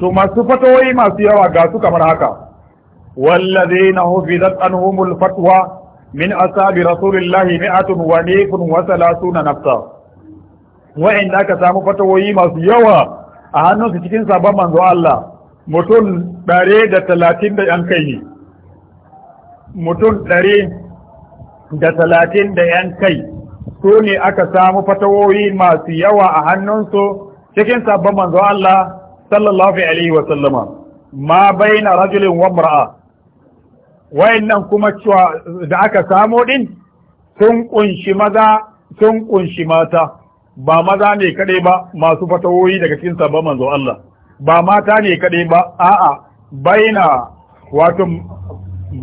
to masu fatawoyi masu yawa ga su kamar haka walladheena hufizat anhumul fatwa min asabi rasulillahi mi'atun wa nifun wa salasuna nafsa Wa inda ka samu fatawoyi masu yawa a hannunsu cikin sabon manzo Allah mutum ɗare da talatin da ‘yan kai ne mutum da talatin da yan kai su ne aka samu fatawoyi masu yawa a hannunsu cikin sabon manzo Allah sallallahu alaihi wa sallama ma baina rajulin wa mar'a wayannan kuma cewa da aka samu din sun kunshi maza sun kunshi mata ba maza ne kadai ba masu fatawoyi daga cikin sabon manzo Allah ba mata ne kadai ba a'a baina wato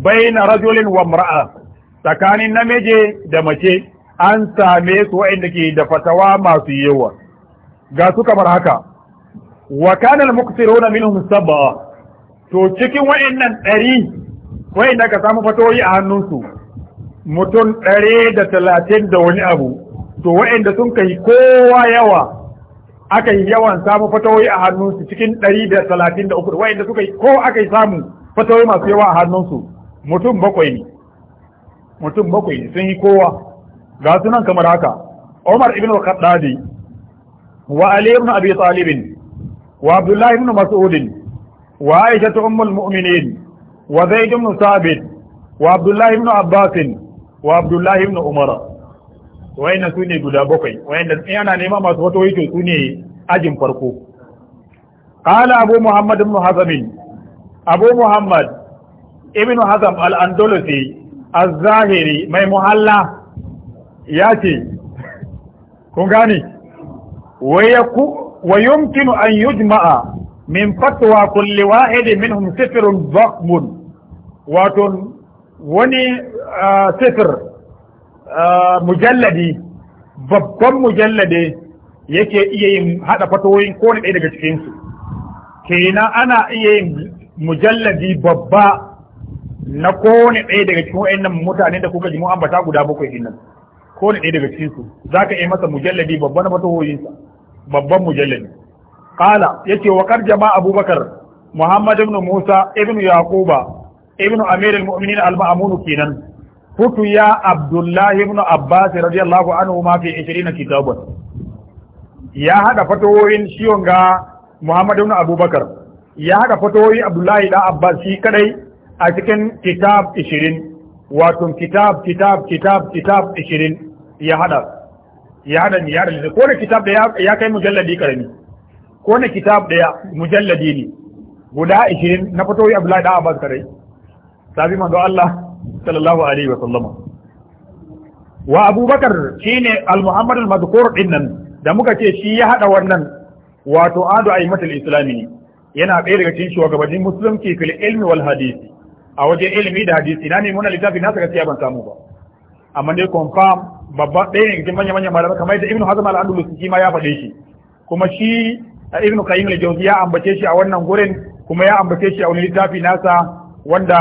baina rajulin wa mar'a tsakanin namiji da mace an same su wa'inda ke da fatawa masu yawa ga su kamar haka wa kana al-muqsiruna minhum sab'a to cikin dari, ɗari da ka samu fatoyi a hannunsu mutum ɗare da talatin da wani abu to waɗanda sun kai kowa yawa aka yi yawan samu fatawoyi a hannunsu cikin ɗari da talatin da uku waɗanda suka yi ko aka yi samu fatawoyi masu yawa a hannunsu mutum bakwai ne mutum bakwai sun yi kowa ga sunan kamar haka Umar ibn al-Khattab wa Ali ibn Abi Talib wa Abdullah ibn Mas'ud wa Aisha ummu al mu'minin wa Zaid ibn Thabit wa Abdullah ibn Abbas wa Abdullah ibn Umar wayannan su sune guda bakwai wayannan yana neman masu wato yake sune ajin farko qala abu muhammad ibn hazm abu muhammad ibn hazm al-andalusi az mai muhalla ya ce kun gane wa yumkinu an yujma'a min fatwa kulli wahid minhum sifrun dhaqmun wato wani sifir mujalladi babban mujallade yake iya yin hada fatawoyin kowane ɗaya daga cikinsu kenan ana iya yin mujalladi babba na kowane ɗaya daga cikin wa'annan mutane da kuka ji mu ambata guda bakwai din nan kowane ɗaya daga cikin su zaka yi masa mujalladi babban fatawoyin sa babban mujalladi qala yace wa waƙar jama'a abubakar muhammad ibn musa ibn yaquba ibn amir al-mu'minin al-ma'mun kinan futu ya abdullahi ibn abbas radiyallahu anhu ma fi 20 kitaban ya hada fatawoyin shiyon ga muhammad ibn abubakar ya hada fatawoyin abdullahi da abbas shi kadai a cikin kitab 20 wato kitab kitab kitab kitab 20 ya hada ya hada ni ya hada ko ne kitab da ya kai mujalladi karami ko ne kitab da mujalladi ne guda 20 na fito ya Abdullahi da Abbas karai sabi manzo Allah sallallahu alaihi wa sallama wa Abubakar shine al-Muhammad al-madhkur dinnan da muka ce shi ya hada wannan wato adu aimatul islami yana ɗaya daga cikin shugabannin musulunci fil ilmi wal hadisi a wajen ilimi da hadisi na nemi wannan littafi na saka siya ban samu ba amma dai confirm babban ɗaya ne cikin manya-manyan malamai kamar yadda ibnu hazm al-andalusi shi ma ya faɗe shi kuma shi ibnu qayyim al-jawzi ya ambace shi a wannan gurin kuma ya ambace shi a wani littafi nasa wanda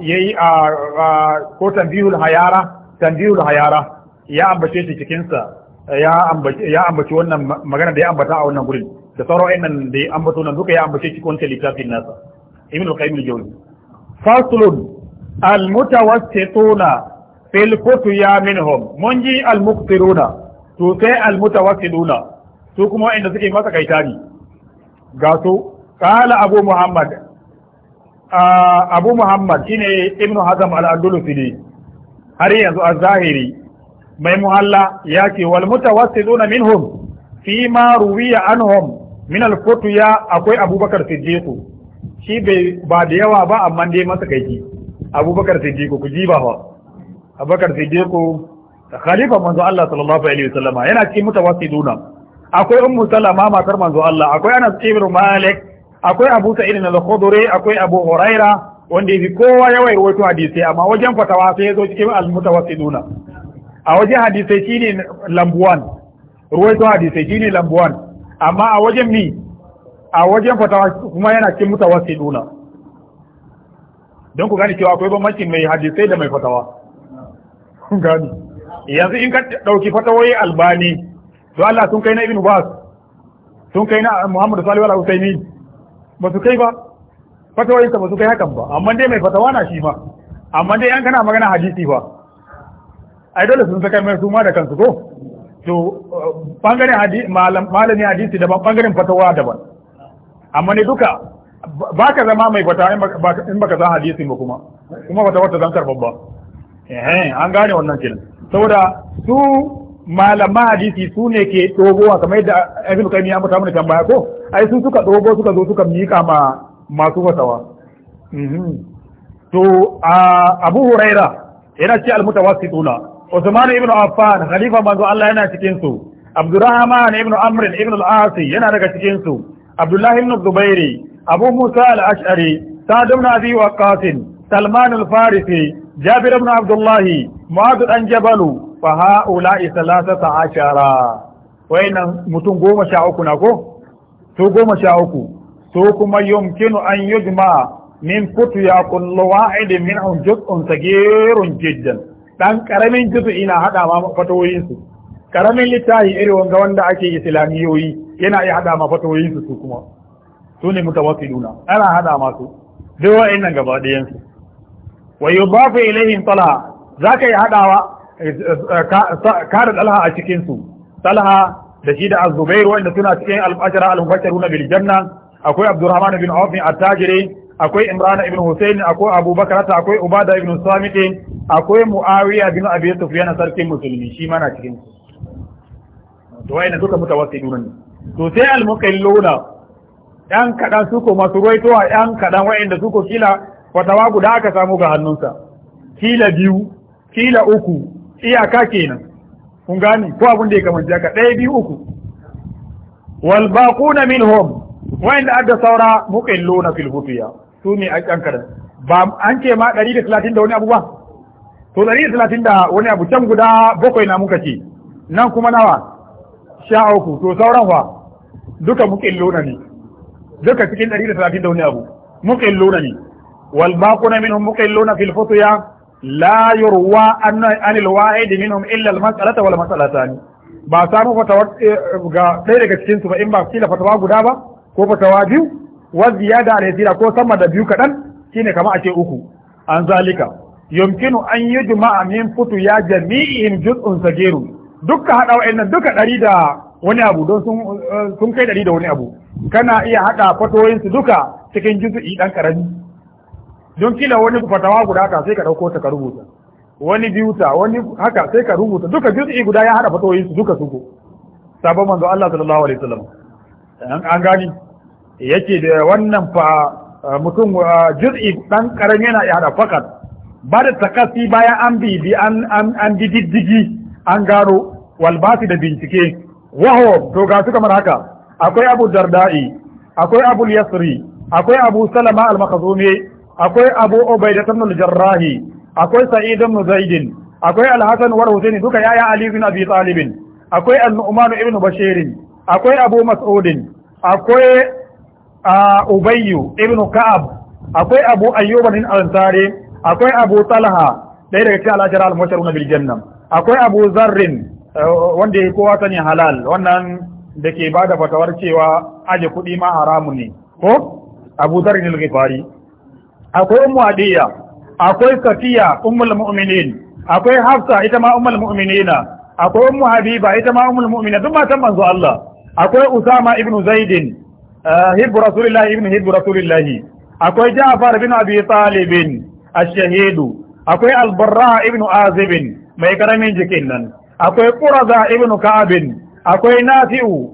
yayi a ko tanbihul hayara tanbihul hayara ya ambace shi cikin sa ya ambace ya ambace wannan magana da ya ambata a wannan gurin da sauran ayyukan da ya ambato nan duka ya ambace cikin wancan littafin nasa ibnu qayyim al-jawzi faslun almutawassituna fil ya minhum mun ji almuqtiruna to sai almutawassiluna su kuma inda suke masa kai ne ga su kala abu muhammad abu muhammad shine ibnu hazam al-andalusi ne har yanzu az-zahiri mai muhalla ya ce wal mutawassiluna minhum fi ma ruwiya anhum min al akwai abubakar siddiq shi bai ba da yawa ba amma dai masa kai abubakar siddiqu ku jiba fa abubakar siddiqu khalifa manzo Allah sallallahu alaihi wasallama yana cikin mutawassiduna akwai ummu salama matar manzo Allah akwai anas ibn malik akwai abu sa'id al-khudri akwai abu huraira wanda yafi kowa yawa rawaito hadisi amma wajen fatawa sai yazo cikin al-mutawassiduna a wajen hadisi shine lambuwan ruwaito hadisi shine lambuwan amma a wajen mi a wajen fatawa kuma yana sai mutawassiluna don ku gane cewa akwai bambanci mai hadisai da mai fatawa gani yanzu in ka dauki fatawoyi albani to Allah sun kai na ibnu bas sun kai na muhammadu sallallahu alaihi wasallam ba su kai ba fatawoyin ba su kai hakan ba amma dai mai fatawa na shi ma amma dai an kana magana hadisi ba ai dole sun saka mai su ma da kansu ko to bangaren malami hadisi daban bangaren fatawa daban amma ne duka ba ka zama mai fata in baka san hadisi ba kuma kuma bata wata zan karfa ba an gane wannan kenan saboda su malama hadisi su ne ke a kamar yadda ibn kaimi ya mutu mana tambaya ko ai su suka dogo suka zo suka miƙa ma masu fatawa to abu huraira yana ce mutawassituna Usman ibn Affan khalifa manzo Allah yana cikin su Abdurrahman ibn Amr ibn al-Asi yana daga cikin su abdullahi ibn zubairi abu musa al-ash'ari sa'd ibn abi waqqas salman al-farisi jabir ibn abdullahi mu'adh dan jabalu fa ha'ula'i thalathata ashara wayannan mutum goma sha uku na ko to goma sha uku to kuma yumkinu an yujma min kutu ya kullu a minhum juz'un sagirun jiddan dan karamin juz'i na hada ma fatoyin su karamin littafi irin wanga wanda ake islamiyoyi yana iya hada ma fatawoyin su kuma su ne mutawakkiluna ana hada masu. su duk nan gaba ɗayan su wa yudafu ilayhim talha zaka yi hadawa eh, kada talha a cikin su talha da shi da azubair wanda suna cikin al-ashara al-mubashiruna bil janna akwai abdurrahman bin auf at-tajiri akwai imran ibn husayn akwai abubakar akwai ubada ibn samit akwai muawiya bin abi sufyan sarkin musulmi shi mana cikin su to wayannan duka mutawassidun ne to sai almukalluna ɗan kaɗan su ko masu ruwaitowa ɗan kaɗan wa'inda su ko kila fatawa guda aka samu ga hannunsa kila biyu kila uku iyaka kenan kun gani ko abin da ya kamanci haka ɗaya biyu uku wal baquna minhum wa'inda adda saura muqilluna fil hufiya su ne a yan kaɗan ba an ce ma ɗari da talatin da wani abu ba to ɗari da talatin da wani abu can guda bakwai na muka ce nan kuma nawa sha uku to sauran fa duka muqilluna ne duka cikin ɗari da da wani abu muqilluna ne wal baquna minhum muqilluna fil futya la yurwa an anil wahid minhum illa al mas'alata wal mas'alatani ba samu fatawa eh, ga ɗaya daga cikin su ba in ba kila fatawa guda ba ko fatawa biyu wa ziyada al yasira ko sama da biyu kadan shine kamar a ce uku an zalika yumkinu an yujma'a min futu ya jami'in juz'un sagirun dukka hada wa'annan duka ɗari da wani abu don sun kai dari da wani abu kana iya haɗa fatoyinsu duka cikin juzu'i ɗan ƙarami don kila wani fatawa guda haka sai ka ɗauko ta ka rubuta wani biyuta wani haka sai ka rubuta duka juzu'i guda ya haɗa fatoyinsu duka su ko sabon manzo Allah sallallahu alaihi wasallam an gani yake da wannan fa mutum juz'i ɗan ƙarami yana iya haɗa fakat ba da takasi bayan an bi an an bi diddigi an gano walbasi da bincike waho to ga su kamar haka akwai abu darda'i akwai abu yasri akwai abu salama al-makhzumi akwai abu ubaida ibn al-jarrahi akwai sa'id ibn akwai al-hasan wa duka yaya ali ibn abi talib akwai an-nu'man ibn bashir akwai abu mas'ud akwai ubayyu ibn ka'ab akwai abu ayyub al ansari akwai abu talha ɗaya daga cikin al-ashara al-musharruna bil akwai abu zarrin wanda ya kowa sani halal wannan da ke ba da fatawar cewa aje kuɗi ma haramu ne ko abu zarin al-ghifari akwai ummu adiya akwai safiya ummul mu'minin akwai hafsa ita ma ummul mu'minina akwai ummu habiba ita ma ummul mu'minina duk matan manzo Allah akwai usama ibn zaidin eh, hibbu rasulillahi ibn hibbu rasulillahi akwai ja'far bin abi talib ash-shahidu akwai al-barra ibn azib mai karamin jikin nan akwai ƙuraza ibn Ka'abin? akwai nafi'u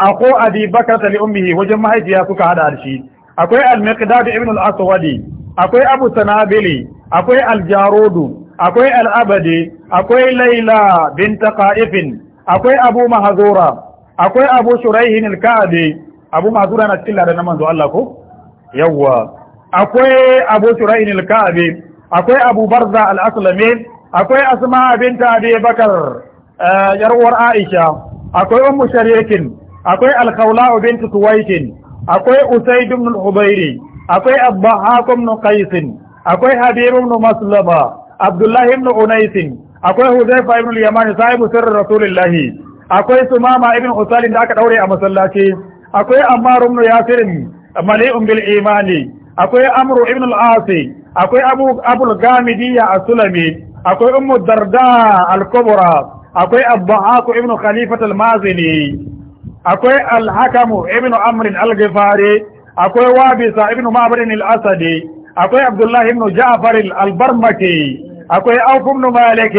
ako abi bakr li ummihi wajen mahaifiya suka hada shi akwai al-miqdad ibn al-aswadi akwai abu sanabili akwai al-jarudu akwai al-abadi akwai laila bint qa'ifin akwai abu mahzura akwai abu shuraihin al-ka'bi abu mahzura na cikin ladan manzo Allah ko yawa akwai abu shuraihin al-ka'bi akwai abu barza al-aslami akwai asma binta abi bakar eh, yarwar aisha akwai ummu sharikin akwai alkhawla bint tuwaitin akwai usaid ibn al-hubayri akwai hakum ibn qais akwai habir ibn maslama abdullah ibn unais akwai hudayfa ibn al-yamani sahibu sirr rasulillah akwai sumama ibn usalin da aka daure a masallaci akwai ammar ibn yasir mali'un bil imani akwai amru ibn al-asi akwai abu abul gamidi ya asulami akwai ummu darda al-kubra akwai abbahaku ibnu khalifat al-mazini akwai al-hakamu ibnu amr al-ghifari akwai wabisa ibnu ma'bad al-asadi akwai abdullahi ibnu ja'far al-barmaki akwai auf ibnu malik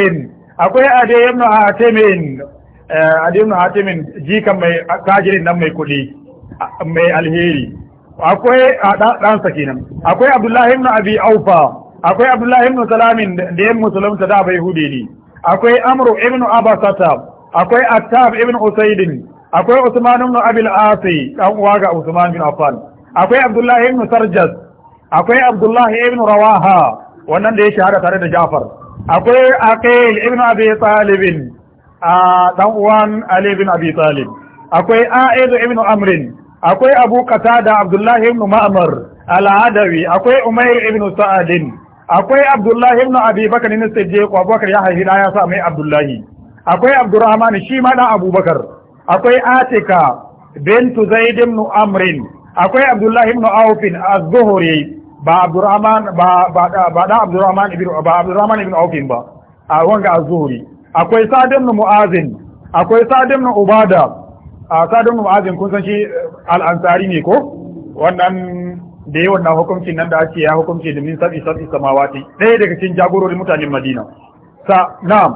akwai ade ibnu hatimin eh, ade ibnu hatimin jikan mai kajirin nan mai kudi mai alheri akwai dan sakinan akwai abdullahi ibn abi aufa akwai abdullahi ibn salamin da ya musulunta da bai hude ne akwai amru ibn abasata akwai attab ibn usaidin akwai usman ibn abil asi dan uwa ga usman bin affan akwai abdullahi ibn sarjas akwai abdullahi ibn rawaha wannan da ya shahara tare da jafar akwai aqil ibn abi talib a dan uwan ali ibn abi talib akwai a'id ibn amrin akwai abu qatada abdullahi ibn ma'mar al-adawi akwai umair ibn sa'adin akwai abdullahi ibn abi bakar ne sai ko abubakar ya haifi ya sa mai abdullahi akwai abdurrahman shi ma dan abubakar akwai atika bintu zaid ibn amrin akwai abdullahi ibn auf az-zuhri ba abdurrahman ba ba ba abdurrahman ibn ba abdurrahman ibn auf ba a wanga az-zuhri akwai sa'd ibn mu'azin akwai sa'd ibn ubada a sa'd ibn mu'azin kun san shi eh, al-ansari ne ko wannan da yawan na hukuncin nan da ake ya hukunci domin sabi sabi samawati ɗaya daga cikin jagororin mutanen Madina sa na'am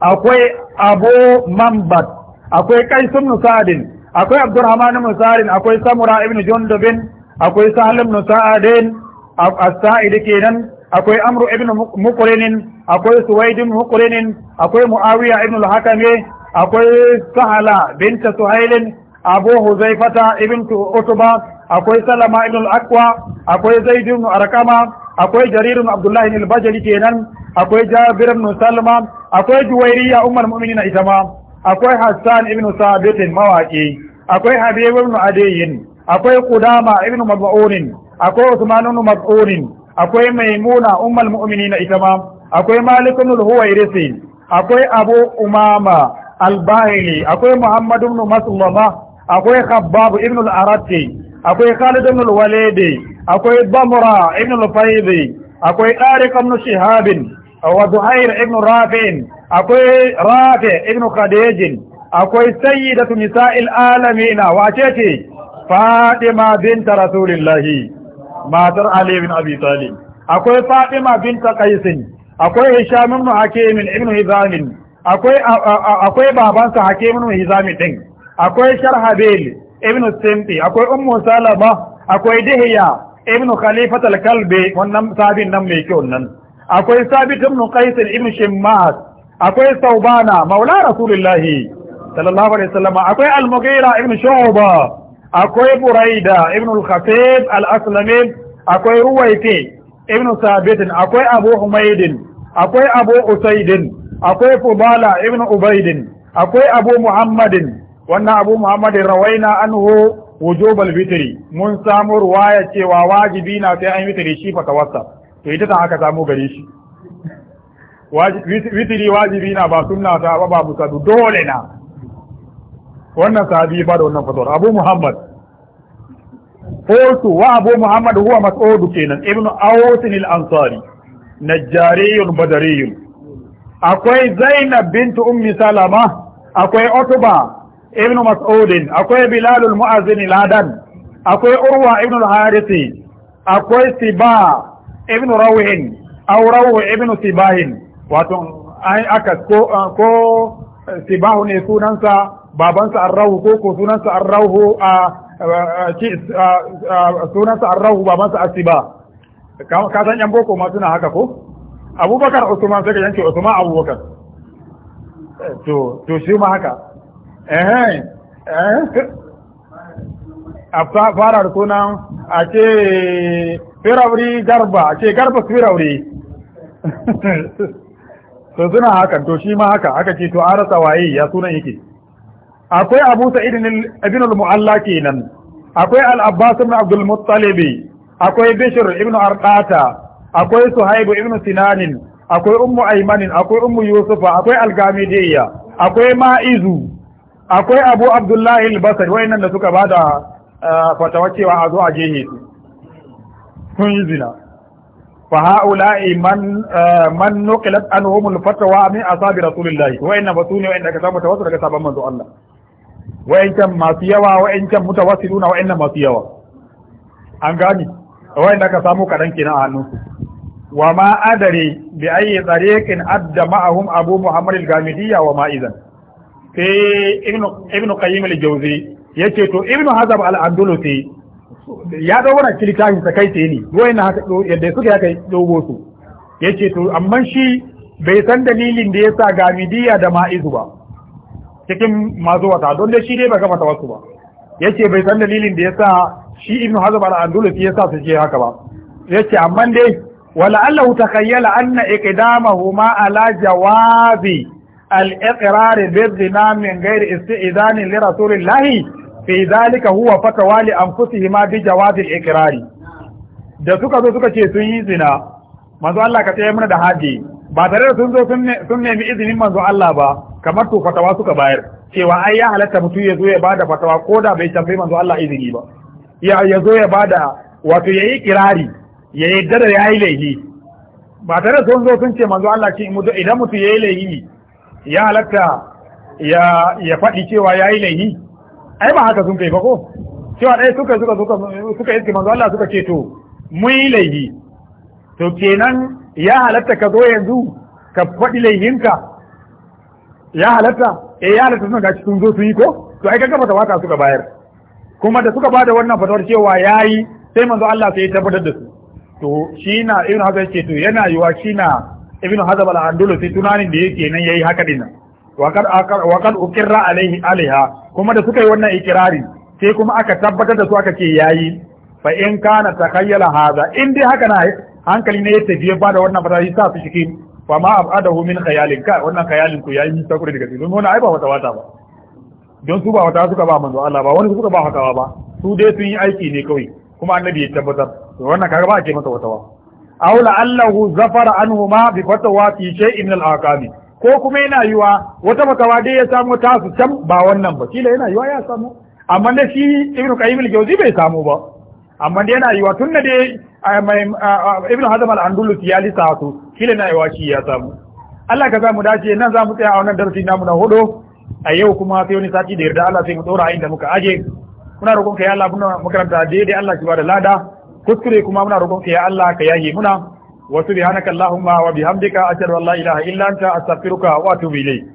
akwai Abu Mambat akwai Qaisun Nusadin akwai Abdurrahman Musarin akwai Samura ibn Jundubin akwai Salim Nusadin as-Sa'id kenan akwai Amru ibn Muqrinin akwai Suwaid ibn Muqrinin akwai Muawiya ibn al-Hakami akwai Sahala bint Suhailin Abu Huzaifata ibn Utba akwai salama ibn al-aqwa akwai zaid ibn arkama akwai jaririn ibn abdullah ibn bajali kenan akwai jabir ibn salma akwai juwairiya umar mu'minina ita ma akwai hassan ibn sabit mawaqi akwai habib ibn adiyin akwai qudama ibn mab'un akwai usman ibn mab'un akwai maimuna umar mu'minina ita ma akwai malik ibn al-huwairisi akwai abu umama al-bahili akwai muhammad ibn maslama akwai khabbab ibn al-arati akwai Khalid ibn al-Walid akwai Bamra ibn al-Fayd akwai Tariq ibn Shihab wa Zuhair ibn Rafi' akwai Rafi' ibn Khadij akwai sayyidatu nisa'il alamin wace ce Fatima bint Rasulillah matar Ali ibn Abi Talib akwai Fatima bint Qais akwai Hisham ibn Hakim ibn Hizam akwai akwai babansa Hakim ibn Hizam din akwai Sharhabil ibn akwai ummu salama akwai dihiya ibn khalifat al-kalbi wannan sabin nan mai kyau nan akwai sabit ibn qais ibn shimmas akwai saubana maula rasulullahi sallallahu alaihi wasallam akwai al-mughira ibn shu'ba akwai buraida ibn al-khatib al-aslami akwai ruwaiti ibn sabit akwai abu humaydin akwai abu usaidin akwai fubala ibn ubaidin akwai abu muhammadin wannan abu muhammad rawaina anhu wujubal witri mun samu ruwaya cewa wajibi na sai an yi witri shi fa fatawarsa to ita ta aka samu gare shi witri wajibi na ba sunna ta ba ba musadu dole na wannan sahabi ba da wannan fatawar abu muhammad قلت وابو محمد هو مسعود كينان ابن اوس Ansari, نجاري بدري Akwai Zainab بنت Ummi Salama. Akwai عتبة ibn mas'udin akwai bilalul mu'azin ladan akwai urwa ibn al-harisi akwai siba ibn rawihin aw rawu ibn sibahin wato ai aka ko ko sibahu ne sunansa babansa arrahu ko ko sunansa arrahu a sunansa arrahu babansa asiba ka san yan boko ma suna haka ko abubakar usman sai ka yanke usman abubakar eh, to to shi ma haka a fara da a ce firauri garba a ce garba firauri suna hakan to shi ma haka aka ce to an rasa waye ya sunan yake akwai abu sa'id ibn mualla kenan akwai al ibn abdul muttalibi akwai bishr ibn arqata akwai suhaib ibn sinanin akwai ummu aymanin akwai ummu yusufa akwai al akwai ma'izu akwai abu abdullahi al-basri nan da suka bada eh, fatawa cewa a zo a jehe su sun yi zina fa haula'i man eh, man nuqilat anhum al-fatawa min asabi rasulillahi nan basu ne wayanda daga samu tawassul daga sabon manzo Allah wayancan masu yawa wayancan mutawassiluna nan masu yawa an gani da ka samu kadan kenan a hannunsu wa ma adare bi ayyi tariqin adda ma'ahum abu muhammad al-gamidiyya wa ma idan sai ibn qayyim al-jawzi yace to ibn hazab al-andalusi ya dawo wannan kilitahin ta kai tsaye ne wayan haka yadda suka ya kai dogo su yace to amma shi bai san dalilin da yasa gamidiya da ma'izu ba cikin mazu wata don da shi dai bai gama wasu ba yace bai san dalilin da yasa shi ibn hazab al-andalusi yasa su ce haka ba yace amma dai wala allahu takayyala anna iqdamahu ma ala jawabi al-iqrar bizina min ghairi isti'zan li rasulillah fi zalika huwa fatawa li anfusihima bi jawaz al-iqrar da suka zo suka ce sun yi zina manzo Allah ka tsaye mana da haji ba tare da sun zo sun nemi izinin manzo Allah ba kamar to fatawa suka bayar cewa ai ya halatta mutum ya zo ya bada fatawa ko da bai tambayi manzo Allah izini ba ya ya zo ya bada wato yayi kirari ya yarda da yayi laihi ba tare da sun zo sun ce manzo Allah ce idan mutum yayi laihi ya halatta ya ya faɗi cewa ya yi laihi ai ba haka sun kai ba ko cewa ɗaya suka suka suka suka iske manzo Allah suka ce to mun yi laihi to kenan ya halatta ka zo yanzu ka faɗi laihinka ya halatta eh ya halatta suna gashi sun zo su yi ko to ai kaga fatawa ta suka bayar kuma da suka bada wannan fatawar cewa yayi sai manzo Allah sai ya tabbatar da su to shi na irin haka yake to yana yiwa shi na ibn hazab al-andalusi tunanin da yake nan yayi haka din wakad wakad ukirra alaihi alaiha kuma da suka yi wannan ikirari sai kuma aka tabbatar da su aka ce yayi fa in kana takhayyala hadha in dai haka na hankali ne ya tafi ba da wannan fata ta su shiki fa ma abadahu min khayalin ka wannan khayalin ku yayi ta kure daga cikin wannan ai ba wata wata ba don su ba wata suka ba manzo Allah ba wani suka ba wata ba su dai sun yi aiki ne kawai kuma annabi ya tabbatar wannan kaga ba a ce masa wata wata aw la'allahu zafara anhuma bi fatawa fi shay'in min al-aqami ko kuma yana yiwa wata makawa dai ya samu ta su can ba wannan ba kila yana yiwa ya samu amma da shi ibnu qayyim al-jawzi bai samu ba amma dai yana yiwa tunda dai ibnu hazm al andalusi ya lisa su kila yana yiwa shi ya samu Allah ka mu dace nan za mu tsaya a wannan darasi namu na hudu a yau kuma sai wani sati da yarda Allah sai mu dora inda muka aje Kuna roƙon ka ya Allah muna makaranta daidai Allah ki ba da lada kuskure kuma muna roƙon ka ya Allah ka yahi muna wa subhanaka allahumma wa bihamdika ashhadu an la ilaha illa anta astaghfiruka wa atubu ilayk